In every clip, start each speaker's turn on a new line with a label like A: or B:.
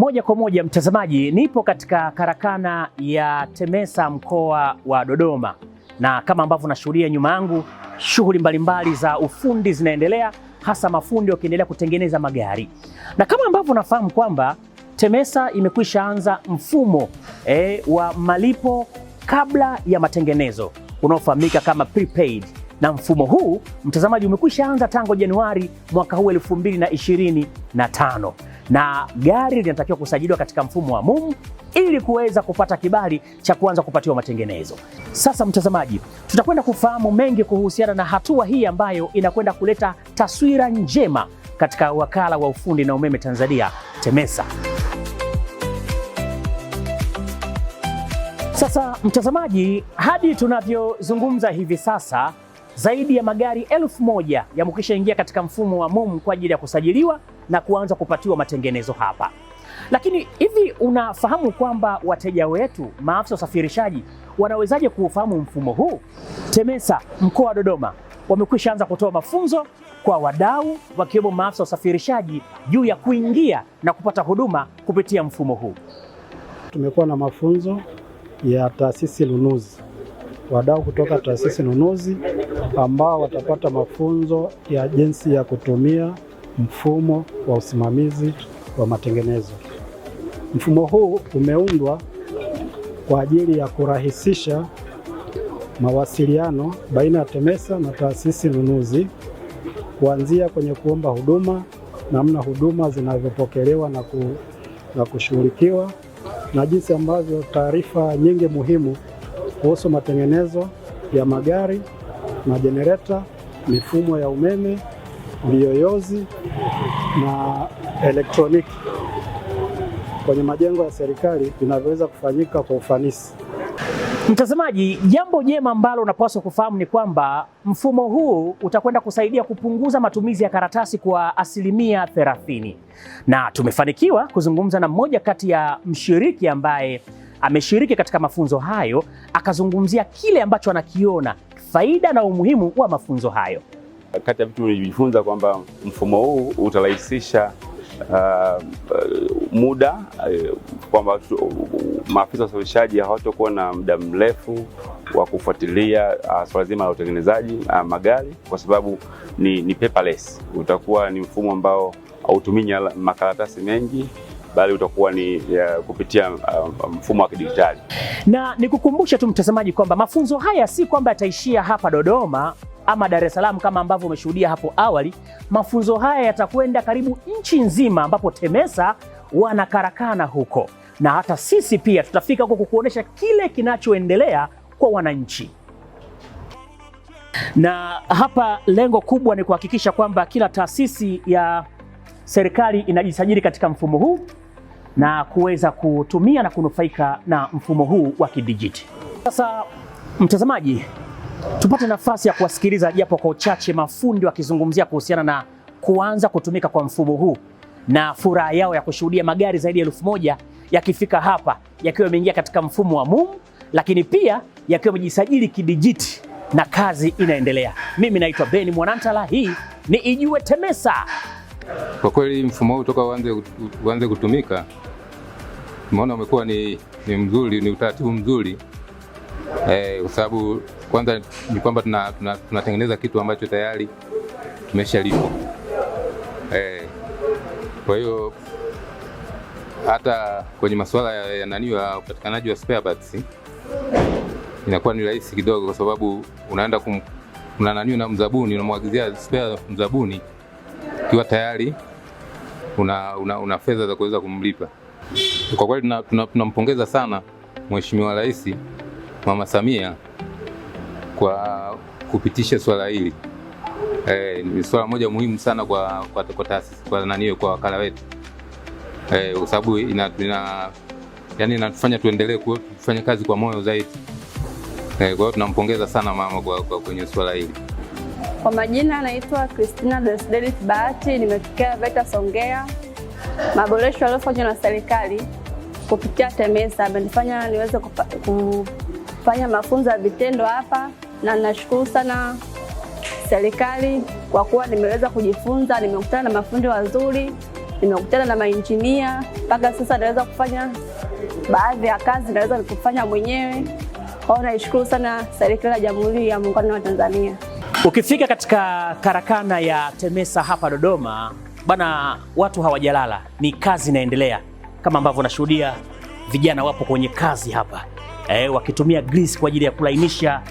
A: Moja kwa moja mtazamaji, nipo katika karakana ya TEMESA mkoa wa Dodoma, na kama ambavyo nashuhudia nyuma yangu, shughuli mbalimbali za ufundi zinaendelea, hasa mafundi wakiendelea kutengeneza magari, na kama ambavyo nafahamu kwamba TEMESA imekwisha anza mfumo eh, wa malipo kabla ya matengenezo unaofahamika kama prepaid na mfumo huu mtazamaji, umekwisha anza tangu Januari mwaka huu 2025 na gari linatakiwa kusajiliwa katika mfumo wa MUM ili kuweza kupata kibali cha kuanza kupatiwa matengenezo. Sasa mtazamaji, tutakwenda kufahamu mengi kuhusiana na hatua hii ambayo inakwenda kuleta taswira njema katika wakala wa ufundi na umeme Tanzania TEMESA. Sasa mtazamaji, hadi tunavyozungumza hivi sasa zaidi ya magari elfu moja yamekwisha ingia katika mfumo wa MUM kwa ajili ya kusajiliwa na kuanza kupatiwa matengenezo hapa. Lakini hivi unafahamu kwamba wateja wetu maafisa usafirishaji wanawezaje kuufahamu mfumo huu? TEMESA mkoa wa Dodoma wamekwisha anza kutoa mafunzo kwa wadau wakiwemo maafisa usafirishaji juu ya kuingia na kupata huduma kupitia mfumo huu.
B: Tumekuwa na mafunzo ya taasisi lunuzi wadau kutoka taasisi nunuzi ambao watapata mafunzo ya jinsi ya kutumia mfumo wa usimamizi wa matengenezo. Mfumo huu umeundwa kwa ajili ya kurahisisha mawasiliano baina ya TEMESA na taasisi nunuzi kuanzia kwenye kuomba huduma, namna huduma zinavyopokelewa na, ku, na kushughulikiwa na jinsi ambavyo taarifa nyingi muhimu kuhusu matengenezo ya magari, majenereta, mifumo ya umeme, viyoyozi na elektroniki kwenye majengo ya serikali vinavyoweza kufanyika kwa ufanisi.
A: Mtazamaji, jambo jema ambalo unapaswa kufahamu ni kwamba mfumo huu utakwenda kusaidia kupunguza matumizi ya karatasi kwa asilimia 30, na tumefanikiwa kuzungumza na mmoja kati ya mshiriki ambaye ameshiriki katika mafunzo hayo, akazungumzia kile ambacho anakiona faida na umuhimu wa mafunzo hayo.
C: Kati ya vitu nilivyojifunza kwamba mfumo huu utarahisisha uh, muda uh, kwamba uh, maafisa wa usafirishaji hawatakuwa na muda mrefu wa kufuatilia uh, swala zima la utengenezaji uh, magari kwa sababu ni, ni paperless. Utakuwa ni mfumo ambao hautumii makaratasi mengi bali utakuwa ni ya, kupitia uh, mfumo wa kidijitali.
A: Na nikukumbusha tu mtazamaji kwamba mafunzo haya si kwamba yataishia hapa Dodoma ama Dar es Salaam kama ambavyo umeshuhudia hapo awali. Mafunzo haya yatakwenda karibu nchi nzima, ambapo TEMESA wanakarakana huko, na hata sisi pia tutafika huko kukuonesha kile kinachoendelea kwa wananchi na hapa lengo kubwa ni kuhakikisha kwamba kila taasisi ya serikali inajisajili katika mfumo huu na kuweza kutumia na kunufaika na mfumo huu wa kidijiti. Sasa mtazamaji, tupate nafasi ya kuwasikiliza japo kwa uchache mafundi wakizungumzia kuhusiana na kuanza kutumika kwa mfumo huu na furaha yao ya kushuhudia magari zaidi ya elfu moja yakifika hapa yakiwa yameingia katika mfumo wa MUM, lakini pia yakiwa yamejisajili kidijiti na kazi inaendelea. Mimi naitwa Ben Mwanantala, hii ni Ijue Temesa.
C: Kwa kweli mfumo huu toka uanze kutumika Maona umekuwa ni, ni mzuri, ni utaratibu mzuri eh, kwa sababu kwanza ni kwamba tunatengeneza tuna, tuna kitu ambacho tayari tumeshalipwa eh, kwa hiyo hata kwenye masuala ya, ya nani ya upatikanaji wa spare parts inakuwa ni rahisi kidogo, kwa sababu unaenda kum, una nani na mzabuni unamwagizia spare mzabuni, ukiwa tayari una, una, una fedha za kuweza kumlipa. Kwa kweli tunampongeza sana Mheshimiwa Rais Mama Samia kwa kupitisha swala hili. E, ni swala moja muhimu sana kwa kwa kwa taasisi kwa nani kwa wakala wetu e, kwa sababu ina, ina, yani inatufanya tuendelee kufanya kazi kwa moyo zaidi e, kwa hiyo tunampongeza sana mama kwa, kwa kwenye swala hili.
D: Kwa majina anaitwa Christina Desdelit Bahati, nimetokea VETA Songea. Maboresho yaliyofanywa na serikali kupitia TEMESA amenifanya niweze kufanya mafunzo ya vitendo hapa, na nashukuru sana serikali kwa kuwa nimeweza kujifunza, nimekutana na mafundi wazuri, nimekutana na mainjinia. Mpaka sasa naweza kufanya baadhi ya kazi, naweza kufanya mwenyewe. Kwa naishukuru sana serikali ya Jamhuri ya Muungano wa Tanzania.
A: Ukifika katika karakana ya TEMESA hapa Dodoma Bana, watu hawajalala, ni kazi inaendelea, kama ambavyo nashuhudia vijana wapo kwenye kazi hapa e, wakitumia grease kwa ajili ya kulainisha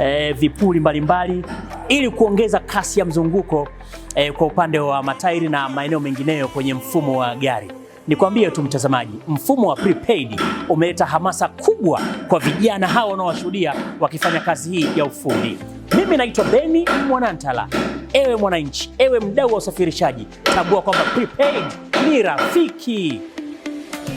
A: e, eh, vipuri mbalimbali ili kuongeza kasi ya mzunguko e, kwa upande wa matairi na maeneo mengineyo kwenye mfumo wa gari. Nikwambie tu mtazamaji, mfumo wa prepaid umeleta hamasa kubwa kwa vijana hawa wanaowashuhudia wakifanya kazi hii ya ufundi. Mimi naitwa Beni Mwanantala. Ewe mwananchi, ewe mdau wa usafirishaji, tambua kwamba prepaid ni rafiki.